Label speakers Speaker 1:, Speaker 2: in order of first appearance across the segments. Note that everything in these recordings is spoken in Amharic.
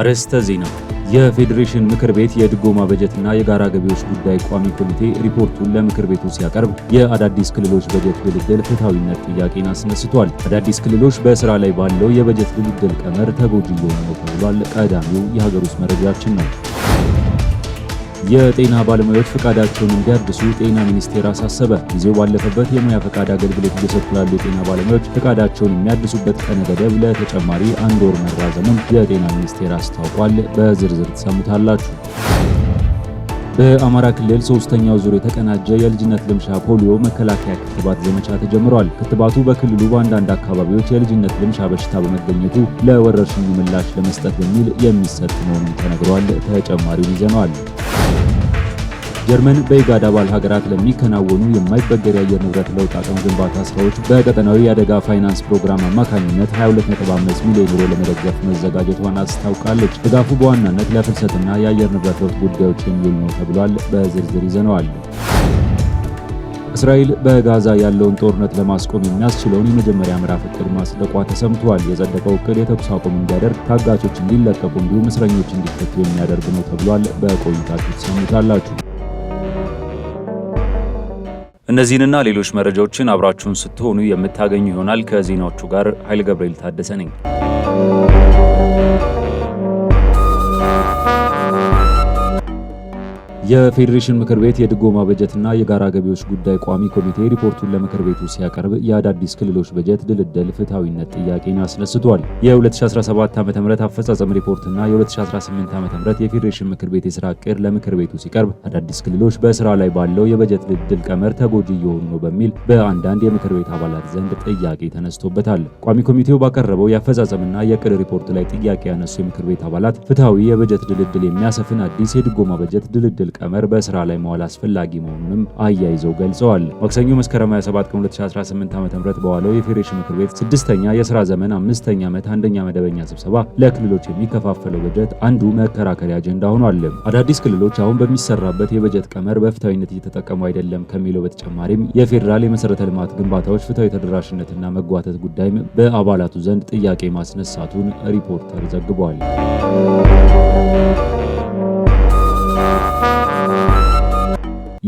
Speaker 1: አርዕስተ ዜና። የፌዴሬሽን ምክር ቤት የድጎማ በጀትና የጋራ ገቢዎች ጉዳይ ቋሚ ኮሚቴ ሪፖርቱን ለምክር ቤቱ ሲያቀርብ የአዳዲስ ክልሎች በጀት ድልድል ፍትሐዊነት ጥያቄን አስነስቷል። አዳዲስ ክልሎች በስራ ላይ ባለው የበጀት ድልድል ቀመር ተጎጂ እየሆኑ ነው ተብሏል። ቀዳሚው የሀገር ውስጥ መረጃችን ነው። የጤና ባለሙያዎች ፈቃዳቸውን እንዲያድሱ ጤና ሚኒስቴር አሳሰበ። ጊዜው ባለፈበት የሙያ ፈቃድ አገልግሎት እየሰጡ ላሉ የጤና ባለሙያዎች ፈቃዳቸውን የሚያድሱበት ቀነ ገደብ ለተጨማሪ አንድ ወር መራዘሙን የጤና ሚኒስቴር አስታውቋል። በዝርዝር ትሰሙታላችሁ። በአማራ ክልል ሶስተኛው ዙር የተቀናጀ የልጅነት ልምሻ ፖሊዮ መከላከያ ክትባት ዘመቻ ተጀምሯል። ክትባቱ በክልሉ በአንዳንድ አካባቢዎች የልጅነት ልምሻ በሽታ በመገኘቱ ለወረርሽኙ ምላሽ ለመስጠት በሚል የሚሰጥ መሆኑን ተነግሯል። ተጨማሪውን ይዘነዋል። ጀርመን በኢጋድ አባል ሀገራት ለሚከናወኑ የማይበገር የአየር ንብረት ለውጥ አቅም ግንባታ ስራዎች በቀጠናዊ የአደጋ ፋይናንስ ፕሮግራም አማካኝነት 225 ሚሊዮን ዩሮ ለመደገፍ መዘጋጀቷን አስታውቃለች። ድጋፉ በዋናነት ለፍልሰትና የአየር ንብረት ለውጥ ጉዳዮች የሚውል ነው ተብሏል። በዝርዝር ይዘነዋል። እስራኤል በጋዛ ያለውን ጦርነት ለማስቆም የሚያስችለውን የመጀመሪያ ምዕራፍ እቅድ ማጽደቋ ተሰምቷል። የጸደቀው እቅድ የተኩስ አቁም እንዲያደርግ፣ ታጋቾች እንዲለቀቁ እንዲሁም እስረኞች እንዲፈቱ የሚያደርግ ነው ተብሏል። በቆይታችሁ ትሰሙታላችሁ። እነዚህንና ሌሎች መረጃዎችን አብራችሁን ስትሆኑ የምታገኙ ይሆናል። ከዜናዎቹ ጋር ኃይለ ገብርኤል ታደሰ ነኝ። የፌዴሬሽን ምክር ቤት የድጎማ በጀትና የጋራ ገቢዎች ጉዳይ ቋሚ ኮሚቴ ሪፖርቱን ለምክር ቤቱ ሲያቀርብ የአዳዲስ ክልሎች በጀት ድልድል ፍትሐዊነት ጥያቄን አስነስቷል። የ2017 ም አፈጻጸም ሪፖርትና የ2018 ም የፌዴሬሽን ምክር ቤት የስራ ዕቅድ ለምክር ቤቱ ሲቀርብ አዳዲስ ክልሎች በስራ ላይ ባለው የበጀት ድልድል ቀመር ተጎጂ እየሆኑ ነው በሚል በአንዳንድ የምክር ቤት አባላት ዘንድ ጥያቄ ተነስቶበታል። ቋሚ ኮሚቴው ባቀረበው የአፈጻጸምና የዕቅድ ሪፖርት ላይ ጥያቄ ያነሱ የምክር ቤት አባላት ፍትሐዊ የበጀት ድልድል የሚያሰፍን አዲስ የድጎማ በጀት ድልድል ቀመር በስራ ላይ መዋል አስፈላጊ መሆኑንም አያይዘው ገልጸዋል። ማክሰኞ መስከረም 27 ቀን 2018 ዓ.ም በዋለው የፌዴሬሽን ምክር ቤት ስድስተኛ የስራ ዘመን አምስተኛ ዓመት አንደኛ መደበኛ ስብሰባ ለክልሎች የሚከፋፈለው በጀት አንዱ መከራከሪያ አጀንዳ ሆኗል። አዳዲስ ክልሎች አሁን በሚሰራበት የበጀት ቀመር በፍትሐዊነት እየተጠቀሙ አይደለም ከሚለው በተጨማሪም የፌዴራል የመሠረተ ልማት ግንባታዎች ፍትሐዊ ተደራሽነትና መጓተት ጉዳይም በአባላቱ ዘንድ ጥያቄ ማስነሳቱን ሪፖርተር ዘግቧል።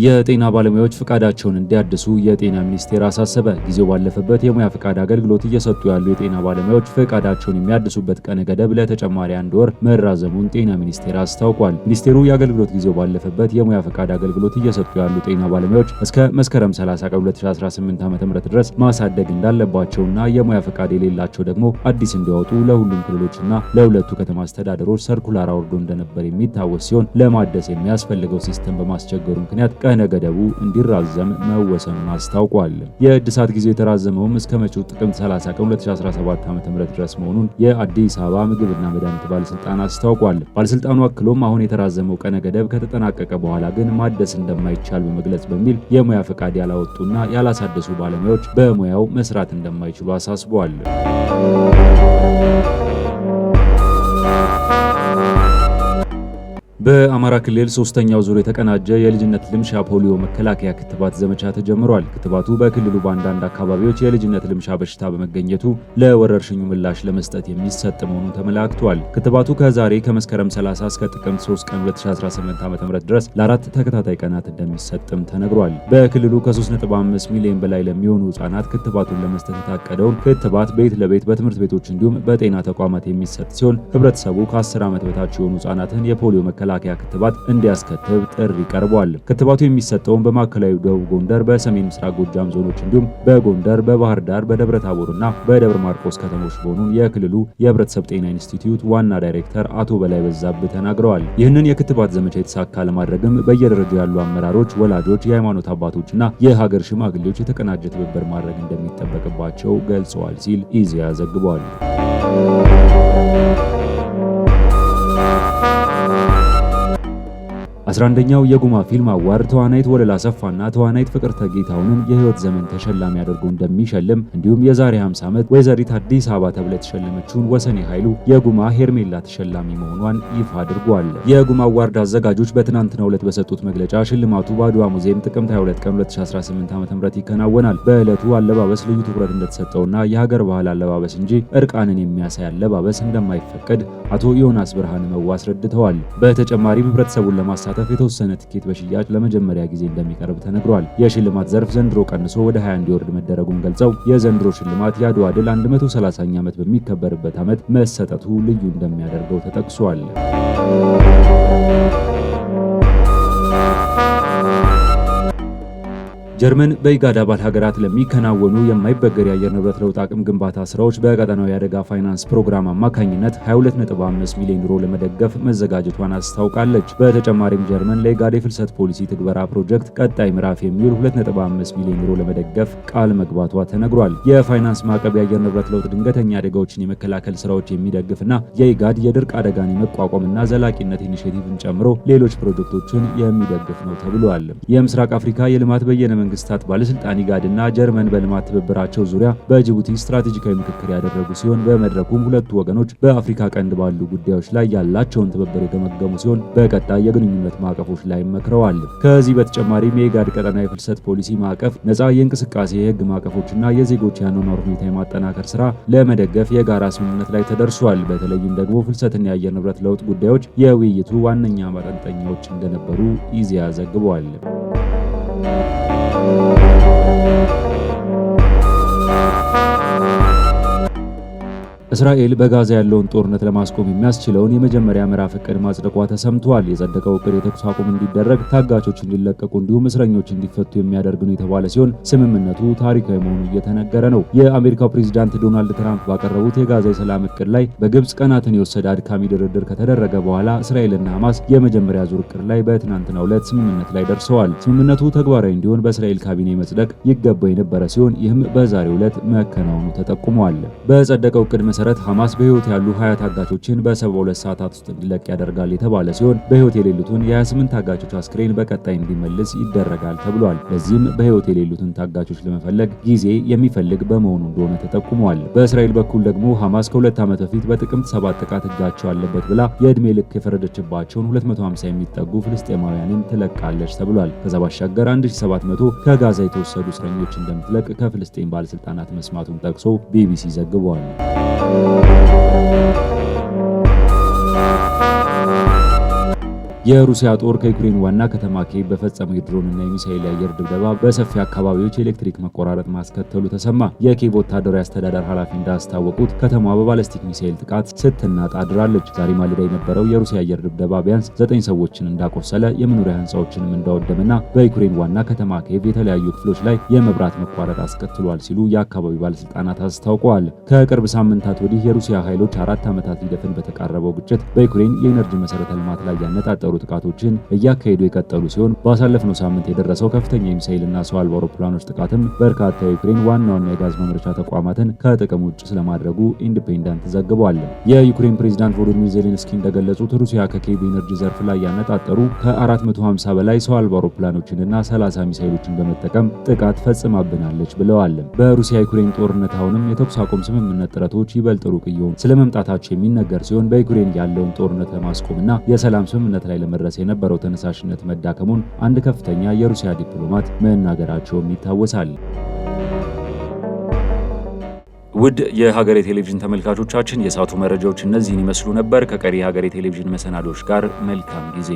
Speaker 1: የጤና ባለሙያዎች ፍቃዳቸውን እንዲያድሱ የጤና ሚኒስቴር አሳሰበ። ጊዜው ባለፈበት የሙያ ፍቃድ አገልግሎት እየሰጡ ያሉ የጤና ባለሙያዎች ፍቃዳቸውን የሚያድሱበት ቀነ ገደብ ለተጨማሪ አንድ ወር መራዘሙን ጤና ሚኒስቴር አስታውቋል። ሚኒስቴሩ የአገልግሎት ጊዜው ባለፈበት የሙያ ፍቃድ አገልግሎት እየሰጡ ያሉ ጤና ባለሙያዎች እስከ መስከረም 30 ቀን 2018 ዓ.ም ድረስ ማሳደግ እንዳለባቸውና የሙያ ፍቃድ የሌላቸው ደግሞ አዲስ እንዲያወጡ ለሁሉም ክልሎችና ለሁለቱ ከተማ አስተዳደሮች ሰርኩላር አውርዶ እንደነበር የሚታወስ ሲሆን ለማደስ የሚያስፈልገው ሲስተም በማስቸገሩ ምክንያት ቀነ ገደቡ እንዲራዘም መወሰኑን አስታውቋል። የእድሳት ጊዜ የተራዘመውም እስከ መጪው ጥቅምት 30 ቀን 2017 ዓ.ም ድረስ መሆኑን የአዲስ አበባ ምግብና መድኃኒት ባለስልጣን አስታውቋል። ባለስልጣኑ አክሎም አሁን የተራዘመው ቀነ ገደብ ከተጠናቀቀ በኋላ ግን ማደስ እንደማይቻል በመግለጽ በሚል የሙያ ፈቃድ ያላወጡና ያላሳደሱ ባለሙያዎች በሙያው መስራት እንደማይችሉ አሳስቧል። በአማራ ክልል ሶስተኛው ዙር የተቀናጀ የልጅነት ልምሻ ፖሊዮ መከላከያ ክትባት ዘመቻ ተጀምሯል። ክትባቱ በክልሉ በአንዳንድ አካባቢዎች የልጅነት ልምሻ በሽታ በመገኘቱ ለወረርሽኙ ምላሽ ለመስጠት የሚሰጥ መሆኑ ተመላክቷል። ክትባቱ ከዛሬ ከመስከረም 30 እስከ ጥቅምት 3 ቀን 2018 ም ድረስ ለአራት ተከታታይ ቀናት እንደሚሰጥም ተነግሯል። በክልሉ ከ3.5 ሚሊዮን በላይ ለሚሆኑ ህጻናት ክትባቱን ለመስጠት የታቀደውን ክትባት ቤት ለቤት በትምህርት ቤቶች እንዲሁም በጤና ተቋማት የሚሰጥ ሲሆን ህብረተሰቡ ከ10 ዓመት በታች የሆኑ ህጻናትን የፖሊዮ መከላከያ መከላከያ ክትባት እንዲያስከትብ ጥሪ ቀርቧል። ክትባቱ የሚሰጠውን በማዕከላዊ ደቡብ ጎንደር፣ በሰሜን ምስራቅ ጎጃም ዞኖች እንዲሁም በጎንደር፣ በባህር ዳር፣ በደብረ ታቦርና በደብረ ማርቆስ ከተሞች መሆኑን የክልሉ የህብረተሰብ ጤና ኢንስቲትዩት ዋና ዳይሬክተር አቶ በላይ በዛብ ተናግረዋል። ይህንን የክትባት ዘመቻ የተሳካ ለማድረግም በየደረጃው ያሉ አመራሮች፣ ወላጆች፣ የሃይማኖት አባቶችና የሀገር ሽማግሌዎች የተቀናጀ ትብብር ማድረግ እንደሚጠበቅባቸው ገልጸዋል ሲል ኢዜአ ዘግቧል። 11ኛው የጉማ ፊልም አዋርድ ተዋናይት ወለላ ሰፋና ተዋናይት ፍቅርተ ጌታውንን የህይወት ዘመን ተሸላሚ አድርጎ እንደሚሸልም እንዲሁም የዛሬ 50 ዓመት ወይዘሪት አዲስ አበባ ተብለ የተሸለመችውን ወሰኔ ኃይሉ የጉማ ሄርሜላ ተሸላሚ መሆኗን ይፋ አድርጓል። የጉማ አዋርድ አዘጋጆች በትናንትናው ዕለት በሰጡት መግለጫ ሽልማቱ በአድዋ ሙዚየም ጥቅምት 22 ቀን 2018 ዓ.ም ይከናወናል። በዕለቱ አለባበስ ልዩ ትኩረት እንደተሰጠውና የሀገር ባህል አለባበስ እንጂ እርቃንን የሚያሳይ አለባበስ እንደማይፈቀድ አቶ ዮናስ ብርሃን መዋ አስረድተዋል። በተጨማሪም ህብረተሰቡን ለማሳተፍ ማዕቀፍ የተወሰነ ትኬት በሽያጭ ለመጀመሪያ ጊዜ እንደሚቀርብ ተነግሯል። የሽልማት ዘርፍ ዘንድሮ ቀንሶ ወደ 21 እንዲወርድ መደረጉን ገልጸው የዘንድሮ ሽልማት የአድዋ ድል 130ኛ ዓመት በሚከበርበት ዓመት መሰጠቱ ልዩ እንደሚያደርገው ተጠቅሷል። ጀርመን በኢጋድ አባል ሀገራት ለሚከናወኑ የማይበገር የአየር ንብረት ለውጥ አቅም ግንባታ ስራዎች በቀጠናው የአደጋ ፋይናንስ ፕሮግራም አማካኝነት 22.5 ሚሊዮን ዩሮ ለመደገፍ መዘጋጀቷን አስታውቃለች። በተጨማሪም ጀርመን ለኢጋድ የፍልሰት ፖሊሲ ትግበራ ፕሮጀክት ቀጣይ ምዕራፍ የሚውል 2.5 ሚሊዮን ዩሮ ለመደገፍ ቃል መግባቷ ተነግሯል። የፋይናንስ ማዕቀብ የአየር ንብረት ለውጥ ድንገተኛ አደጋዎችን የመከላከል ስራዎች የሚደግፍና የኢጋድ የድርቅ አደጋን የመቋቋምና ዘላቂነት ኢኒሽቲቭን ጨምሮ ሌሎች ፕሮጀክቶችን የሚደግፍ ነው ተብሏል። የምስራቅ አፍሪካ የልማት በየነ መንግስታት ባለስልጣን ኢጋድና ጀርመን በልማት ትብብራቸው ዙሪያ በጅቡቲ ስትራቴጂካዊ ምክክር ያደረጉ ሲሆን በመድረኩም ሁለቱ ወገኖች በአፍሪካ ቀንድ ባሉ ጉዳዮች ላይ ያላቸውን ትብብር የገመገሙ ሲሆን በቀጣይ የግንኙነት ማዕቀፎች ላይ መክረዋል። ከዚህ በተጨማሪም የኢጋድ ቀጠና የፍልሰት ፖሊሲ ማዕቀፍ፣ ነፃ የእንቅስቃሴ የህግ ማዕቀፎችና የዜጎች የአኗኗር ሁኔታ የማጠናከር ስራ ለመደገፍ የጋራ ስምምነት ላይ ተደርሷል። በተለይም ደግሞ ፍልሰትና የአየር ንብረት ለውጥ ጉዳዮች የውይይቱ ዋነኛ ማጠንጠኛዎች እንደነበሩ ኢዜአ ዘግቧል። Thank you. እስራኤል በጋዛ ያለውን ጦርነት ለማስቆም የሚያስችለውን የመጀመሪያ ምዕራፍ እቅድ ማጽደቋ ተሰምቷል። የጸደቀው እቅድ የተኩስ አቁም እንዲደረግ፣ ታጋቾች እንዲለቀቁ እንዲሁም እስረኞች እንዲፈቱ የሚያደርግ ነው የተባለ ሲሆን ስምምነቱ ታሪካዊ መሆኑ እየተነገረ ነው። የአሜሪካው ፕሬዚዳንት ዶናልድ ትራምፕ ባቀረቡት የጋዛ የሰላም እቅድ ላይ በግብፅ ቀናትን የወሰደ አድካሚ ድርድር ከተደረገ በኋላ እስራኤልና ሐማስ የመጀመሪያ ዙር እቅድ ላይ በትናንትናው ዕለት ስምምነት ላይ ደርሰዋል። ስምምነቱ ተግባራዊ እንዲሆን በእስራኤል ካቢኔ መጽደቅ ይገባው የነበረ ሲሆን ይህም በዛሬው ዕለት መከናወኑ ተጠቁሟል። በጸደቀው እቅድ መሰረት መሰረት ሐማስ በህይወት ያሉ 20 ታጋቾችን በ72 ሰዓታት ውስጥ እንዲለቅ ያደርጋል የተባለ ሲሆን በህይወት የሌሉትን የ28 ታጋቾች አስክሬን በቀጣይ እንዲመልስ ይደረጋል ተብሏል። በዚህም በህይወት የሌሉትን ታጋቾች ለመፈለግ ጊዜ የሚፈልግ በመሆኑ እንደሆነ ተጠቁመዋል። በእስራኤል በኩል ደግሞ ሐማስ ከሁለት ዓመት በፊት በጥቅምት ሰባት ጥቃት እጃቸው አለበት ብላ የዕድሜ ልክ የፈረደችባቸውን 250 የሚጠጉ ፍልስጤማውያንን ትለቃለች ተብሏል። ከዛ ባሻገር 1700 ከጋዛ የተወሰዱ እስረኞች እንደምትለቅ ከፍልስጤም ባለሥልጣናት መስማቱን ጠቅሶ ቢቢሲ ዘግቧል። Música የሩሲያ ጦር ከዩክሬን ዋና ከተማ ኬቭ በፈጸመው የድሮን እና የሚሳኤል የአየር ድብደባ በሰፊ አካባቢዎች የኤሌክትሪክ መቆራረጥ ማስከተሉ ተሰማ። የኬቭ ወታደራዊ አስተዳደር ኃላፊ እንዳስታወቁት ከተማዋ በባለስቲክ ሚሳኤል ጥቃት ስትናጣ አድራለች። ዛሬ ማለዳ የነበረው የሩሲያ አየር ድብደባ ቢያንስ ዘጠኝ ሰዎችን እንዳቆሰለ፣ የመኖሪያ ህንፃዎችንም እንዳወደመና በዩክሬን ዋና ከተማ ኬቭ የተለያዩ ክፍሎች ላይ የመብራት መቋረጥ አስከትሏል ሲሉ የአካባቢው ባለስልጣናት አስታውቀዋል። ከቅርብ ሳምንታት ወዲህ የሩሲያ ኃይሎች አራት ዓመታት ሊደፍን በተቃረበው ግጭት በዩክሬን የኤነርጂ መሠረተ ልማት ላይ ያነጣጠሩ የሚቆጠሩ ጥቃቶችን እያካሄዱ የቀጠሉ ሲሆን ባሳለፍነው ሳምንት የደረሰው ከፍተኛ የሚሳይልና ሰው አልባ አውሮፕላኖች ጥቃትም በርካታ የዩክሬን ዋና ዋና የጋዝ ማምረቻ ተቋማትን ከጥቅም ውጭ ስለማድረጉ ኢንዲፔንደንት ዘግቧል። የዩክሬን ፕሬዚዳንት ቮሎዲሚር ዜሌንስኪ እንደገለጹት ሩሲያ ከኬቭ ኤነርጂ ዘርፍ ላይ ያነጣጠሩ ከ450 በላይ ሰው አልባ አውሮፕላኖችንና 30 ሚሳይሎችን በመጠቀም ጥቃት ፈጽማብናለች ብለዋል። በሩሲያ ዩክሬን ጦርነት አሁንም የተኩስ አቁም ስምምነት ጥረቶች ይበልጥ ሩቅ እየሆኑ ስለመምጣታቸው የሚነገር ሲሆን በዩክሬን ያለውን ጦርነት ለማስቆምና የሰላም ስምምነት ላይ ለመድረስ የነበረው ተነሳሽነት መዳከሙን አንድ ከፍተኛ የሩሲያ ዲፕሎማት መናገራቸውም ይታወሳል። ውድ የሀገሬ ቴሌቪዥን ተመልካቾቻችን የሳቱ መረጃዎች እነዚህን ይመስሉ ነበር። ከቀሪ የሀገሬ ቴሌቪዥን መሰናዶች ጋር መልካም ጊዜ